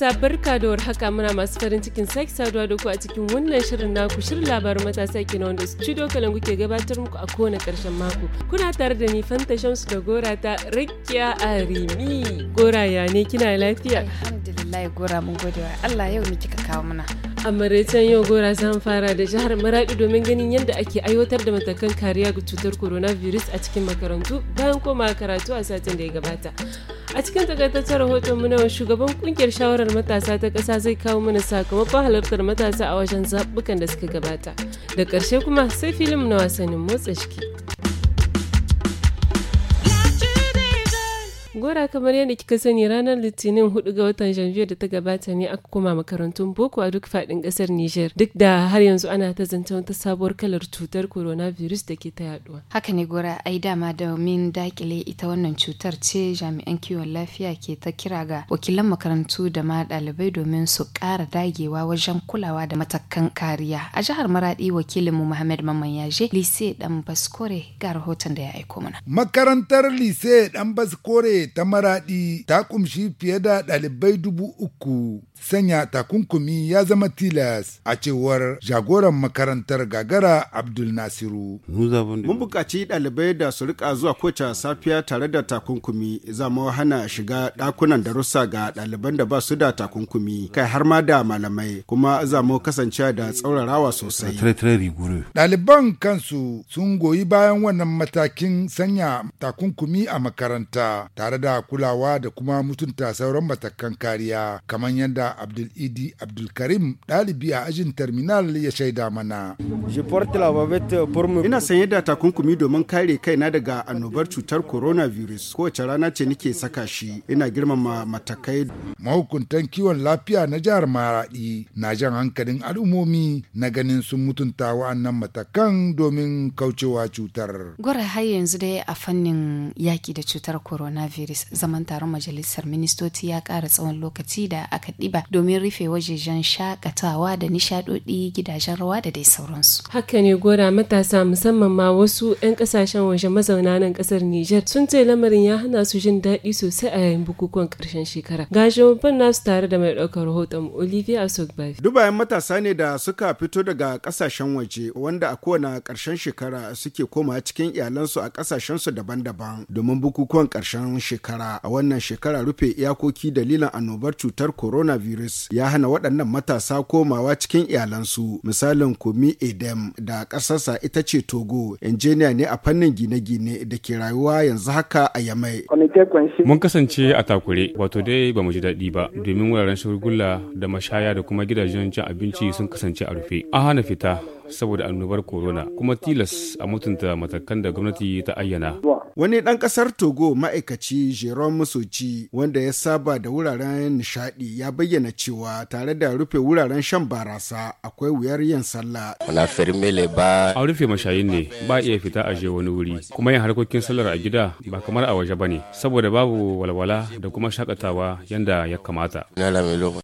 matasa barka da haka muna masu farin cikin sake saduwa da ku a cikin wannan shirin naku shirin labarin matasa ke wanda studio kalangu ke gabatar muku a kowane karshen mako. Kuna tare da ni Fanta Shamsu da Gora ta Rakiya Arimi. Gora ya ne kina lafiya? Alhamdulillah Gora mun gode wa Allah yau ne kika kawo mana. a maraicen yau gora zan fara da jihar maraɗi domin ganin yadda ake aiwatar da matakan kariya ga cutar coronavirus a cikin makarantu bayan koma karatu a satin da ya gabata a cikin takaitaccen rahoton mu na shugaban kungiyar shawarar matasa ta ƙasa zai kawo mana sakamakon halartar matasa a wajen zaɓukan da suka gabata da ƙarshe kuma sai filin na wasannin motsa jiki. Gora kamar yadda kika sani ranar Litinin 4 ga watan Janvier da ta gabata ne aka koma makarantun boko a duk faɗin ƙasar Niger duk da har yanzu ana ta zance wata sabuwar kalar cutar coronavirus da ke ta yaduwa. Haka ne Gora ai dama domin dakile ita wannan cutar ce jami'an kiwon lafiya ke ta kira ga wakilan makarantu da ma dalibai domin su kara dagewa wajen kulawa da matakan kariya. A jihar Maradi wakilinmu Muhammad Mamman Yaje Lise Dan Baskore ga rahoton da ya aiko mana. Makarantar Lise Dan Baskore ta maraɗi ta kumshi fiye da ɗalibai dubu uku sanya takunkumi ya zama tilas a cewar jagoran makarantar gagara abdul nasiru mun buƙaci ɗalibai da su rika zuwa kowace safiya tare da takunkumi zama hana shiga ɗakunan darussa ga ɗaliban da ba su da takunkumi kai har ma da malamai kuma zamo kasance da tsaurarawa sosai ɗaliban kansu sun goyi bayan wannan matakin sanya takunkumi a makaranta tare tare da kulawa da kuma mutunta sauran matakan kariya kamar yadda abdul idi abdulkarim ɗalibi a ajin terminal ya shaida mana ina sanye da takunkumi domin kare kaina daga annobar cutar coronavirus kowace rana ce nake saka shi ina girmama matakai mahukuntan kiwon lafiya na jihar maraɗi na jan hankalin al'ummomi na ganin sun mutunta wa'annan matakan domin kaucewa cutar gwara har yanzu dai a fannin yaki da cutar coronavirus Idris zaman taron majalisar ministoci ya kara tsawon lokaci da aka ɗiba domin rufe wajejen shakatawa da nishaɗoɗi gidajen rawa da dai sauransu. Haka ne gora matasa musamman ma wasu 'yan ƙasashen waje mazauna nan ƙasar Nijar sun ce lamarin ya hana su jin daɗi sosai a yayin bukukuwan karshen shekara. Ga shugaban nasu tare da mai ɗaukar rahoton Olivia Sogbavi. Dubayen matasa ne da suka fito daga kasashen waje wanda a kowane karshen shekara suke koma cikin iyalansu a ƙasashensu daban-daban domin bukukuwan ƙarshen shekara a wannan shekara rufe iyakoki dalilan annobar cutar coronavirus ya hana waɗannan matasa komawa cikin iyalansu misalin komi edem da ƙasarsa ita ce togo injiniya ne a fannin gine-gine da ke rayuwa yanzu haka a yamai mun kasance a takure wato dai ba mu ji daɗi ba domin wuraren shagulgula da mashaya da kuma gidajen cin abinci sun kasance a rufe an hana fita saboda annobar corona kuma tilas a mutunta matakan da gwamnati ta ayyana. Wani ɗan ƙasar Togo ma'aikaci Jerome Musoci wanda ya saba da wuraren nishaɗi ya bayyana cewa tare da rufe wuraren shan barasa akwai wuyar yin sallah. A rufe mashayin ne ba iya fita a je wani wuri kuma yin harkokin sallar a gida ba kamar a waje bane saboda babu walwala da kuma shakatawa yanda ya kamata.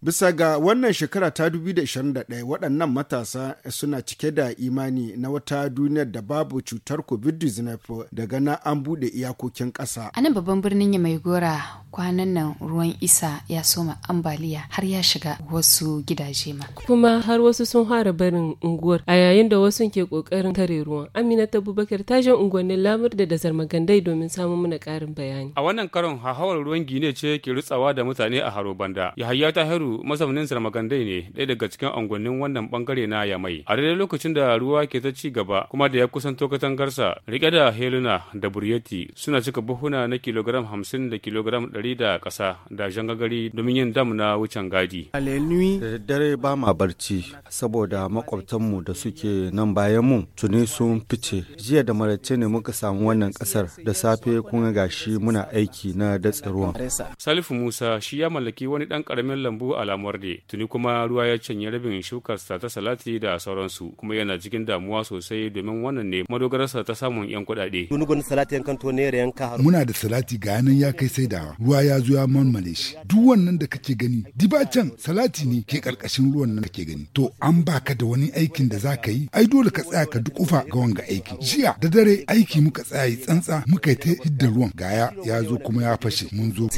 Bisa ga wannan shekara ta 2021 waɗannan matasa suna cike da imani na wata duniyar da babu cutar covid-19 daga na an bude iyakokin kasa a nan babban birnin ya mai gora kwanan nan ruwan isa ya soma ambaliya har ya shiga wasu gidaje ma kuma har wasu sun fara barin unguwar a yayin da wasu ke kokarin tare ruwan amina tabubakar ta je unguwannin lamur da da zarmagandai domin samun muna karin bayani a wannan karon hahawar ruwan gine ce ke rutsawa da mutane a haro banda ta heru mazaunin zarmagandai ne daya daga cikin unguwannin wannan bangare na yamai a daidai lokacin lokacin da ruwa ke ta ci gaba kuma da ya kusan kusanto katangarsa rike da heluna da buryeti suna cika buhuna na kilogram hamsin da kilogram ɗari da kasa da jangagari domin yin dam na wucin gadi. da dare ba ma barci saboda mu da suke nan bayan mu tuni sun fice jiya da marace ne muka samu wannan kasar da safe kun shi muna aiki na datse ruwan. Salifu Musa shi ya mallaki wani ɗan karamin lambu a Lamwarde tuni kuma ruwa ya canya rabin shukarsa ta salati da sauransu kuma kuma yana cikin damuwa sosai domin wannan ne madogararsa ta samun 'yan kuɗaɗe. salati yankan yanka. Muna da salati ga nan ya kai saidawa ruwa ya zo ya malmale shi duk wannan da kake gani diba can salati ne ke karkashin ruwan nan kake gani to an baka da wani aikin da za ka yi ai dole ka tsaya ka dukufa ga wanga aiki jiya da dare aiki muka tsaya yi tsantsa muka yi ta hidda ruwan gaya ya zo kuma ya fashe mun zo.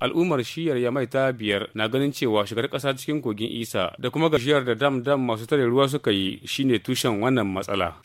Al'ummar shiyar ya mai ta biyar na ganin cewa shigar ƙasa cikin kogin isa da kuma shiyar da dam dam masu tare ruwa suka yi shine tushen wannan matsala.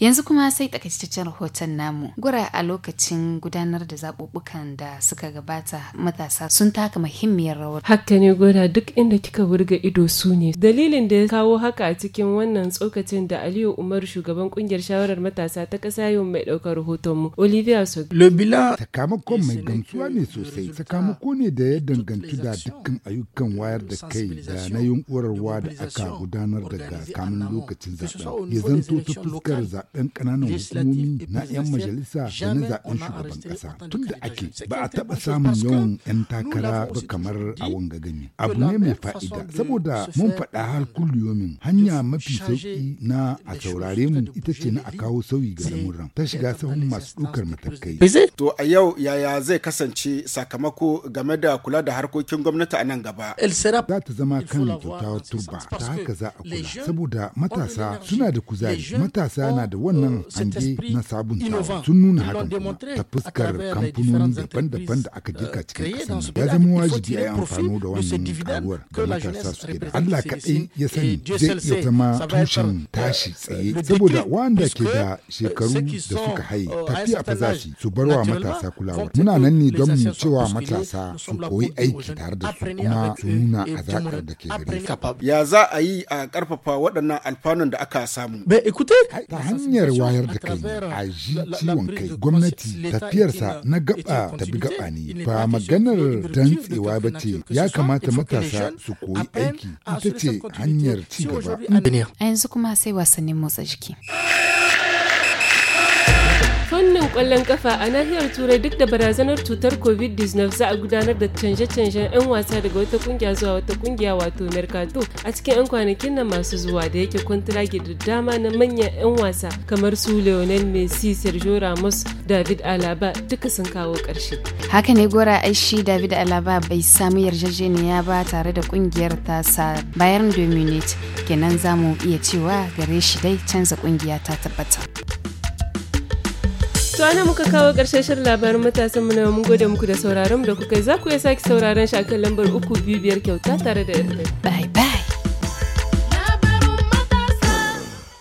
Yanzu kuma sai takaitaccen rahoton namu. Gura a lokacin gudanar da zaɓuɓɓukan da suka gabata matasa sun taka muhimmiyar rawar. Haka ne gura duk inda kika wurga ido su ne. Dalilin da ya kawo haka a cikin wannan tsokacin da Aliyu Umar shugaban kungiyar shawarar matasa ta ƙasa yau mai ɗaukar rahoton mu. Olivia Sog. Lobila. Sakamakon mai gamsuwa ne sosai. Sakamako ne da ya danganci da dukkan ayyukan wayar da kai da na yunkurarwa da aka gudanar daga kamun lokacin zaɓen. Ya zanto ta fuskar zaɓen ƙananan hukumomi na 'yan majalisa da na zaɓen shugaban ƙasa tun da ake ba a taɓa samun yawan 'yan takara ba kamar a wanga gani abu ne mai fa'ida saboda mun faɗa har kulliyomin hanya mafi sauƙi na a saurare mu ita ce na a kawo sauyi ga lamuran ta shiga sahun masu ɗaukar matakai. To a yau yaya zai kasance sakamako game da kula da harkokin gwamnati a nan gaba? Za ta zama kan kyautawar turba ta haka za a kula saboda matasa suna da kuzari matasa na da da wannan hange na sabuntawa sun nuna hakan ta fuskar kamfanoni daban-daban da aka girka cikin ƙasar ya zama wajibi a yi amfano da wannan karuwar da matasa suke da Allah kaɗai ya sani zai iya zama tushen tashi tsaye saboda wanda ke da shekaru da suka haye tafiya fa za su su wa matasa kulawar. muna nan ne don mu cewa matasa su koyi aiki tare da su kuma su nuna azakar da ke gari. ya za a yi a karfafa waɗannan alfanun da aka samu ta hanyar hanyar wayar da kai a ji ciwon kai gwamnati tafiyarsa na gaba ta bi gaba ne ba maganar dantsewa ba ce ya kamata matasa su koyi aiki ita ce hanyar ci gaba. A yanzu kuma sai wasannin motsa jiki. fannin kwallon kafa a nahiyar turai duk da barazanar cutar covid-19 za a gudanar da canje-canjen 'yan wasa daga wata kungiya zuwa wata kungiya wato mercato a cikin 'yan kwanakin na masu zuwa da yake kwantiragi da dama na manyan 'yan wasa kamar su leonel messi sergio ramos david alaba duka sun kawo karshe haka ne gora aishi david alaba bai samu yarjejeniya ba tare da kungiyar tasa bayan dominate kenan zamu iya cewa gare shi dai canza kungiya ta tabbata To ana muka kawo ƙarshen shirin labarin matasan na mun gode muku da sauraron da kuka za ku iya sake sauraron shi lambar uku biyu biyar kyauta tare da bye bye